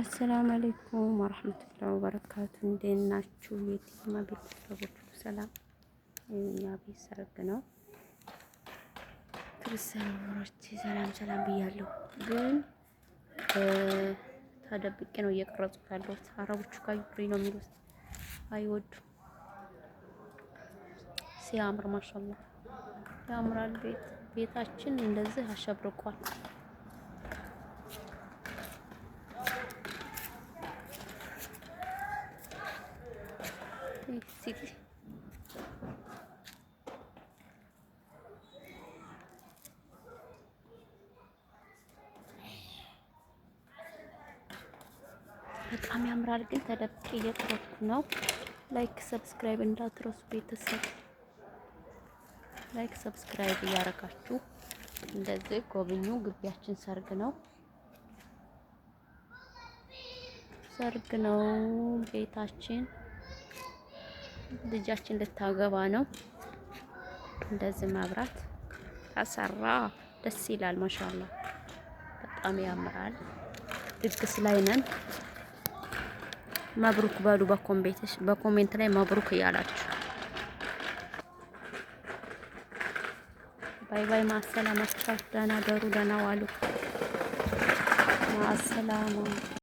አሰላም አለይኩም ወራህመቱላሂ ወበረካቱ። እንዴት ናችሁ? የቲማ ቤተሰቦች ሰላም። እኛ ቤት ሰርግ ነው። ክርስቲያኖች ሰላም ሰላም ብያለሁ፣ ግን ተደብቄ ነው እየቀረጹት ያለሁት። አረቦቹ ካዩኝ ነው የሚሉት፣ አይወዱም። ሲያምር ማሻአላህ ያምራል። ቤት ቤታችን እንደዚህ አሸብርቋል። ሲቲ በጣም ያምራል፣ ግን ተደብቄ እየተረኩ ነው። ላይክ ሰብስክራይብ እንዳትረሱ ቤተሰብ። ላይክ ሰብስክራይብ እያደረጋችሁ እንደዚህ ጎብኙ። ግቢያችን ሰርግ ነው ሰርግ ነው ቤታችን ልጃችን ልታገባ ነው። እንደዚህ መብራት ተሰራ። ደስ ይላል። ማሻላ በጣም ያምራል። ድግስ ላይ ነን። መብሩክ በሉ በኮሜንት ላይ መብሩክ እያላችሁ ባይ ባይ። ማሰላማ። ደህና ደሩ፣ ደህና ዋሉ። ማሰላማ